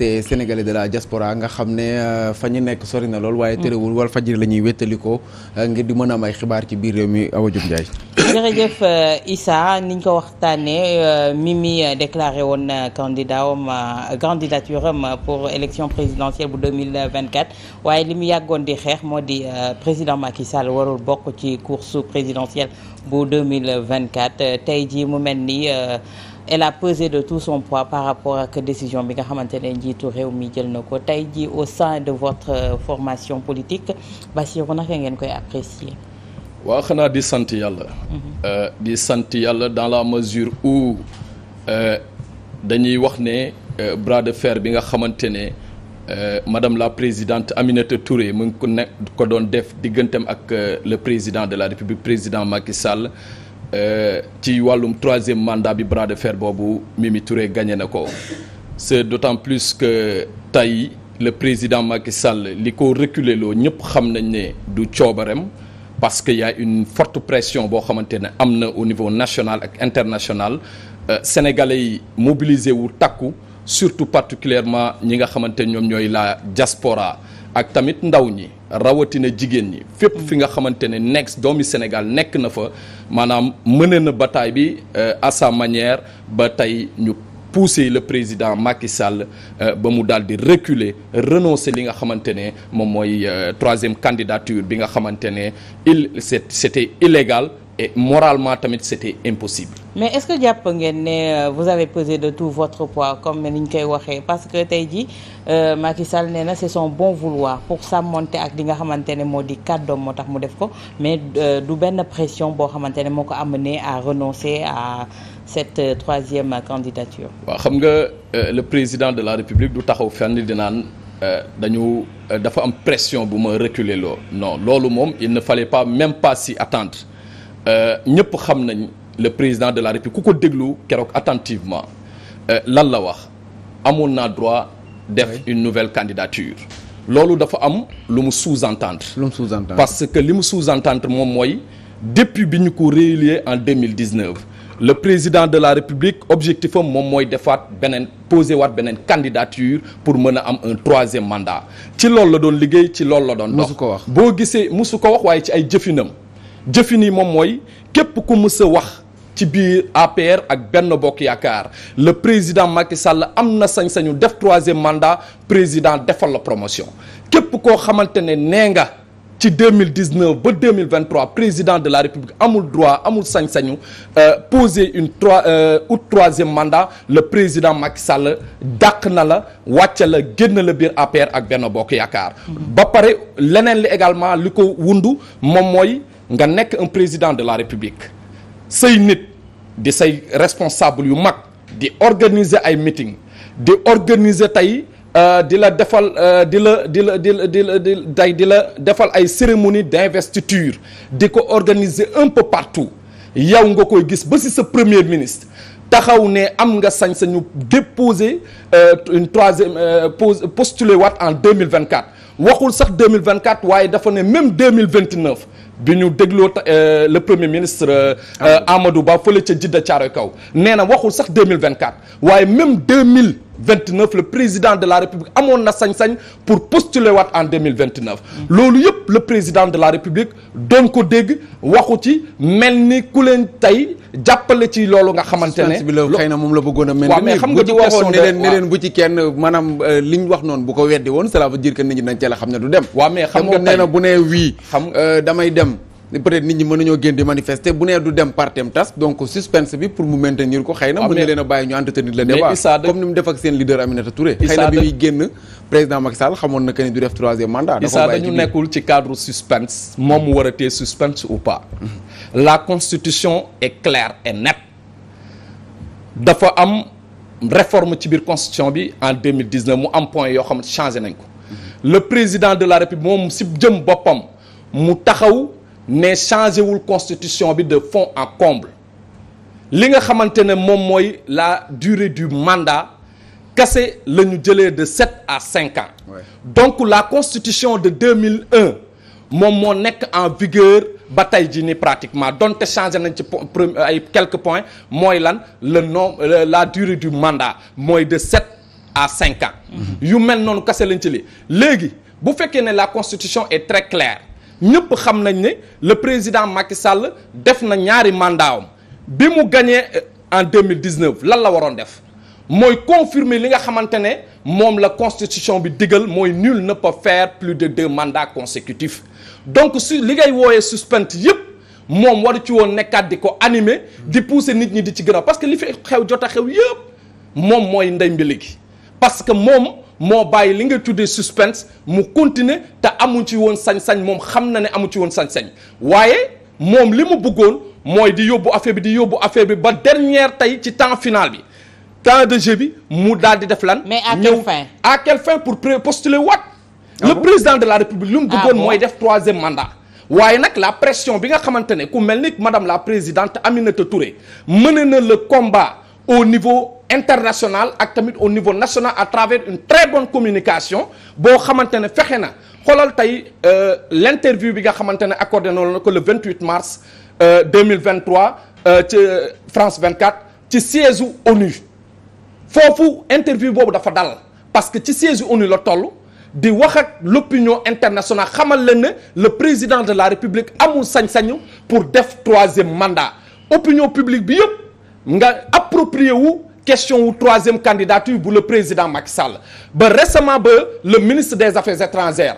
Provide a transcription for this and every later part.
ces sénégalais de la diaspora nga xam ne euh, fa ñu nekk sori na lool. waaye mm. terewul Walfadjri la ñuy wéttalikoo euh, ngir di mën a am ay xibaar ci biir réew mi Awa Diop Ndiaye. jërëjëf euh, Issa niñ ko waxtaanee Mimi déclaré woon candidat am candidature am pour élection présidentielle bu waaye li mu yàggoon di xeex moo di président Macky Sall warul bokk ci course présidentielle bu 2024 tey jii mu mel ni. elle a pesé de tout son poids par rapport ak décision bi nga xamante ne njiitu réew mi jël na ko tey ji au sein de votre euh, formation politique Bassirou naka ngeen koy apprécier waaw xanaa di sant yàlla mhm. euh, di sant yàlla dans la mesure où euh, dañuy wax ne bras de fer bi nga xamante ne madame la présidente Aminata Touré mu ngi ko nekk ko doon def diggantem ak le président de la République président Macky Sall Euh, ci wàllum troisième mandat bi bras de fer boobu Mimi Touré gagné na ko c'est d'autant plus que tey le président Macky Sall li ko reculer loo ñëpp xam nañ ne du coobareem parce que y une forte pression boo xamante ne am na au niveau national ak international euh, yi mobilisé wu takku surtout particulièrement ñi nga xamante ñoom ñooy la diaspora ak tamit ndaw ñi rawatina jigéen ñi fépp fi nga xamante ne nekk doomi Sénégal nekk na fa maanaam mëne na bataille bi euh, à sa manière ba tey ñu pousser le président Macky Sall euh, ba mu dal di reculer renoncer li nga xamante ne moom mooy euh, troisième candidature bi nga xamante ne il c'était illégal et moralement tamit c'était impossible. mais est-ce que jàpp ngeen ne euh, vous avez pesé de tout votre poids comme ni ñu koy waxee parce que tey jii euh, Macky Sall nee na c'est son bon vouloir pour sàmmonte ak li nga xamante ne moo di kàddoom moo tax mu def ko mais euh, du benn pression boo xamante ne moo ko amené à renoncer à cette troisième candidature. waaw xam nga le président de la République du taxaw fenn di naan. dañu dafa am pression bu ma reculer loolu moom Euh, ñëpp xam nañ le président de la république ku ko déglu keroog attentivement euh, lan la wax amoon naa droit def une nouvelle candidature loolu dafa am lu mu sous-entendre lu mu sous-entendre parce que li mu sous-entendre moom mooy depuis bi ñu ko réélu en 2019 le président de la république objectif am moom mooy defaat beneen posé waat beneen candidature pour mën a am un troisième mandat ci loolu la doon liggéey ci loolu la doon dox ko wax boo gisee musu ko wax waaye ci ay jëfinam jëfin moom mooy képp ku mës wax ci biir APR ak benn bokk yaakaar le président Macky Sall am na sañ-sañu def troisième mandat président defal la promotion képp koo xamante ne nee nga ci 2019 ba 2023 président de la république amul droit amul sañ-sañu euh, poser une trois euh, ou troisième mandat le président Macky Sall dàq na la wàcce la génn la biir APR ak benn bokk yaakaar ba pare leneen li également li ko wundu moom mooy nga nekk un président de la république say nit di say responsable yu mag di organiser ay meeting di organiser tey euh, di la defal euh, di la di la di di la di tey di la defal ay cérémonie d'investiture di ko organiser un peu partout yow nga koy gis ba si sa premier ministre taxaw ne am nga sañ-sañu déposer euh, une troisième pose postuler waat en 2024 waxul sax 2024 waaye dafa ne même 2029 bi ñu dégloo euh, le premier ministre euh, Amadou Ba fële ca Jidda Caaroy kaw nee na waxul sax 2024 waaye même 2000 29 le président de la république amoon na sañ-sañ pour postuler waat en 2029 loolu yëpp le président de la république doon ko dégg waxu ci mel ni ku leen tey jàppale ci loolu nga xamante ne xëy na moom la bëggoon a mel waaw xam nga bu waxoon ne leen bu ci kenn maanaam euh, li ñu wax noonu bu ko weddi woon cela veut dire que nit ñi dañ cee la xam ne du dem waa mais xam nga nee na bu nee wii xam euh, damay dem peut-être nit ñi mën nañoo génn di manifester bu nee du dem partem tas donc suspense bi pour mu maintenir ko xëy na ah, mën na leen a bàyyi ñu entretenir le débat comme ni mu def ak seen leader Aminata Touré xëy na bi muy génn président Macky Sall xamoon na que ni du def troisième mandat moom mu war a téye suspense ou pas la constitution est claire et dafa am réforme ci biir constitution bi en 2019 mu am point yoo xam ne changé nañ ko le président de la république moom si jëm boppam mu taxaw ne changé wul constitution bi de fond en comble li nga xamante ne moom mooy la durée du mandat kese la ñu jëlee de sept à cinq ans donc la constitution de 2001 moom moo nekk en vigueur ba tey jii nii pratiquement donte changé nañ ci ay quelques points mooy lan le nom la durée du mandat mooy de sept à cinq ans mhm. yu mel noonu kase lañ ci li léegi bu fekkee ne la constitution est très claire ñëpp xam nañ ne le président Macky Sall def na ñaari mandat am bi mu gagné euh, en 2019 lan la waroon def mooy confirmer li nga xamante ne moom la constitution bi digal mooy nul ne peut faire plus de deux mandats consécutifs donc su li ngay wooyee suspente yëpp moom waru ci woon nekkaat di ko animer di pousser nit ñi di ci gën a parce que li fi xew jot a xew yëpp moom mooy ndey mbili gi parce que moom moo bàyyi li nga tuddee suspense mu continuer te amu ci woon sañ-sañ moom xam na ne amu ci woon sañ-sañ waaye moom li mu bëggoon mooy di yóbbu affaire bi di yóbbu affaire bi ba dernière tey ci temps final bi temps de jeu bi mu dal di def lan. mais à quelle fin à quelle fin pour postuler waat. Ah le président de la république. lu mu ah bëggoon mooy def troisième mandat. waaye nag la pression bi nga xamante ne ku mel ni madame la présidente Aminata Touré mën na la comba au niveau international ak tamit au niveau national à travers une très bonne communication boo xamante ne fexe na xoolal tey euh, l' interview bi nga xamante ne noonu na ko le 28 mars 2023 euh, euh, ci France vingt 24 ci siège ONU foofu interview boobu dafa dal parce que ci siège ONU la toll di wax ak l'opinion internationale xamal leen ne le président de la république amul sañ-sañu pour def troisième mandat opinion publique bi yëpp. nga approprié wu question wu troisième candidature bu le président Macky Sall ba récemment ba le ministre des affaires étrangères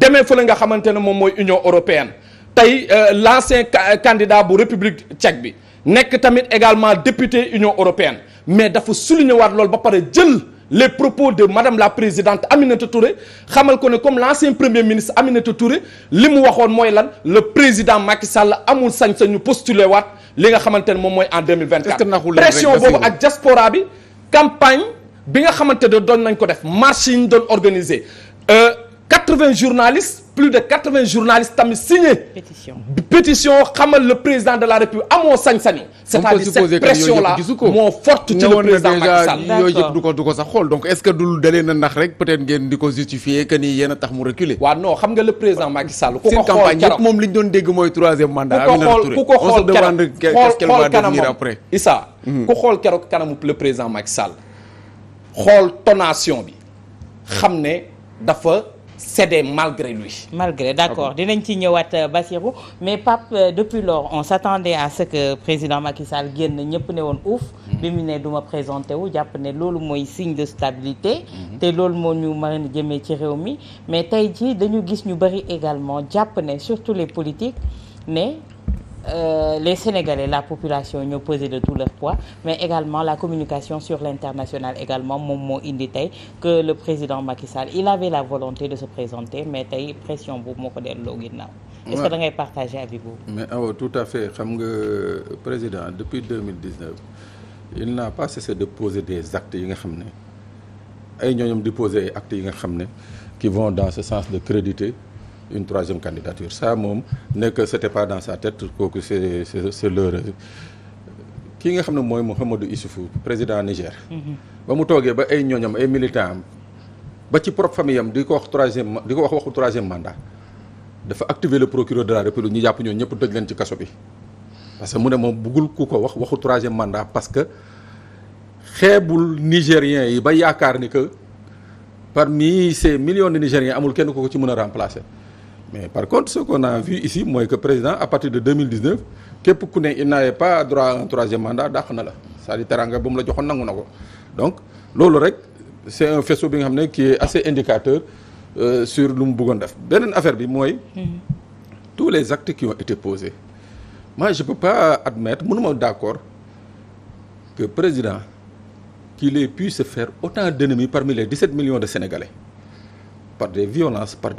fa fële nga xamante ne moom mooy Union européenne tey euh, l'ancien candidat bu République tchèque bi nekk tamit également député Union européenne mais dafa souligné waat loolu ba pare jël les propos de madame la présidente Aminata Touré xamal ko ne comme l'ancien premier ministre Aminata Touré li mu waxoon mooy lan le président Macky Sall amul sañ-sañu postuler waat li nga xamante ne moom mooy en 2024 pression boobu ak diaspora bi campagne bi nga xamante ne doon nañ ko def marche yi ñu doon organiser 80 euh, journalistes plus de quatre-vingts journalistes tamit signé. pétition pétition xamal le président de la république amoo sañ-sañu. c'est-à-dire cette pression là moo forte ci le président Macky Sall. d'accord yooyu yëpp du ko du ko sax xool donc est-ce que du dalee na ndax rek peut-être ngeen di ko justifier que ni yéen a tax mu reculer. waaw non xam nga le président Macky Sall. ku ko xool campagne yëpp moom li ñu doon dégg mooy troisième mandat. Aminata Touré ku ko xool ku ko xool keroog on se demande qu'est-ce qu'elle va devenir après. Issa mhm. ku xool keroog kanamu le président Macky Sall xool tonation bi xam ne dafa. cédé malgré lui. malgré d'accord ah dinañ ci ñëwaat euh, Bassirou mais pap euh, depuis lors on s'attendait à ce que président Macky Sall génn ñëpp ne woon ouf. Mm-hmm. bi mu ne duma ma présenté wu jàpp ne loolu mooy signe de stabilité. Mm-hmm. te loolu moo ñu mën a jëmee ci réew mi mais tey jii dañu gis ñu bari également jàpp ne surtout les politiques ne. euh, les Sénégalais la population ñoo peser de tout leur poids mais également la communication sur l'international également moom moo indi que le président Macky Sall il avait la volonté de se présenter mais tey pression boobu moo ko delloo ginnaaw. est-ce que da ngay partager avec vous. mais awa tout euh, n'a pas cessé de poser des actes yi nga xam ne ay ñooñu di poser actes yi nga xam ne qui vont dans ce sens de créditer. une troisième candidature ça moom nekk que c'était pas dans sa tête kooku c'est c'est c'est leur kii nga xam ne mooy Mouhamadou Issoufou président Niger mm-hmm. ba mu toogee ba ay ñooñam ay militant am ba ci propre famille am di ko wax troisième di ko wax waxu troisième mandat dafa activer le procureur de la république ñu jàpp ñoo ñëpp tëj leen ci kaso bi parce que mu ne moom bëggul ku ko wax waxu troisième mandat parce que xeebul nigériens yi ba yaakaar ni que parmi ces millions de nigériens amul kenn ku ci mën a remplacer mais par contre ce qu'on a vu ici mooy que président à partir de képp ku ne il n'avait pas droit troisième mandat dàq na la c'est-à-dire ba mu la joxoon nangu na ko donc loolu rek c'est un faisceau bi nga xam ne qui est assez indicateur euh, sur lu mu bëggoon def beneen affaire bi mooy mm-hmm. tous les actes qui ont été posés moi je peux pas admettre mënuma d'accord que président qu'il ait pu se faire autant d'ennemis parmi les 17 millions de Sénégalais par des violences par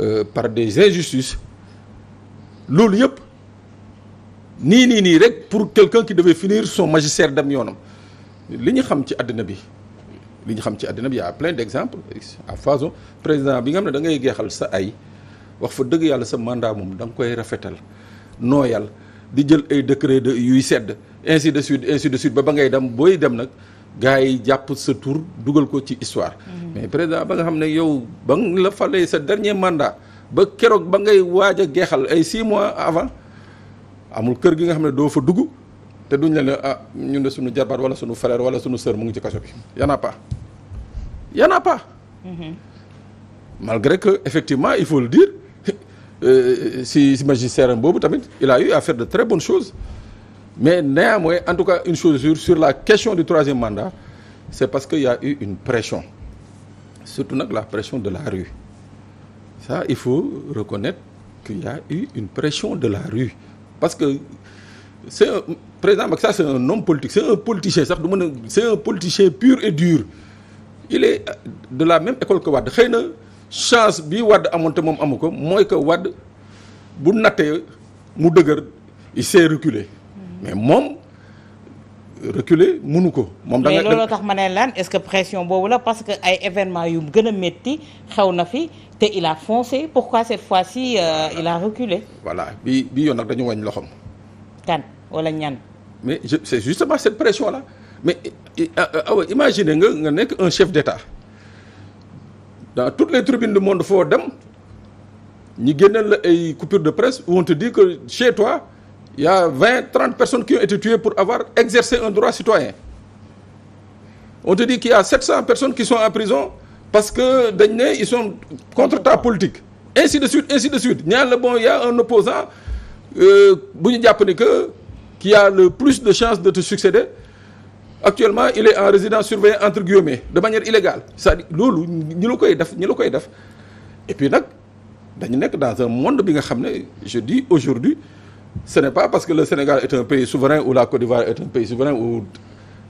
Euh, par des injustices loolu yëpp nii nii nii rek pour quelqu'un qui devait finir son magistère dem yoonam li ñu xam ci àddina bi li ñu xam ci àddina bi y a plein d'exemples à Faso président bi nga xam ne da ngay geexal sa ay wax fa dëgg yàlla sa mandat moom da nga koy rafetal nooyal di jël ay décret de yuy sedd ainsi de suite ainsi de suite ba ba ngay dem booy dem nag gars yi jàpp sa tur dugal ko ci histoire. Mm-hmm. mais président ba nga xam ne yow ba nga la falee sa dernier mandat ba keroog ba ngay waaj a geexal ay 6 mois avant amul kër gi nga xam ne doo fa dugg te du la ne ah ñun suñu jarbaat wala suñu frère wala suñu sœur mu ngi ci kaso bi y en a pas y en mm-hmm. malgré que effectivement il faut le dire euh, si si magistère boobu tamit il a eu de très bonnes choses. mais néanmoins en tout cas une chose sur la question du troisième mandat c'est parce qu'il y a eu une pression surtout nag la pression de la rue ça il faut reconnaître qu'il y a eu une pression de la rue parce que c'est un président Macky Sall c'est un homme politique c'est un politicien sax du mën a c'est un politicien pur et dur il est de la même école que wadd xëy na chance bi wadd amoon te moom amu ko mooy que Wade bu nattee mu dëgër il s'est reculé mais moom reculer mënu ko. moom da nga a looloo tax ma ne lan est-ce que pression boobu la parce que ay événements yu gën a métti xew na fi te il a foncé pourquoi cette fois-ci euh, il a reculé. voilà bi bi yoon nag dañu wàññi loxoom. kan wala ñan. mais je c'est justement cette pression là mais awa ah, ah, ah imaginer nga nga nekk un chef d'État dans toutes les tribunes du monde foo dem ñu génneel la ay coupures de presse où on te dit que chez toi. il y a vingt trente personnes qui ont été tuées pour avoir exercé un droit citoyen on te dit qu'il y a sept cent personnes qui sont en prison parce que dañ ne ils sont contre ta politique ainsi de suite ainsi de suite ñaan la bon y a un opposant euh, bu ñu jàpp ni que qui a le plus de chances de te succéder actuellement il est en résidence surveillée entre guillemets de manière illégale c'est-à-dire loolu ñu la koy def ñi la koy def et puis nag dañu nekk dans un monde bi nga xam ne je dis aujourd'hui ce n'est pas parce que le Sénégal est un pays souverain ou la Côte d'Ivoire est un pays souverain ou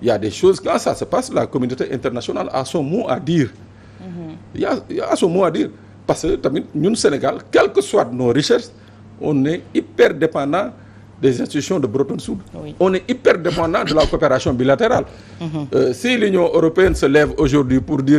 il a des choses quand ça se passe la communauté internationale a à mhm. a, a son mot à dire parce que tamit ñun Sénégal que soient nos richesses on est hyper des institutions de Bretton Woods on est hyper de la coopération bilatérale mhm. euh, si l'Union européenne se lève aujourd'hui pour dire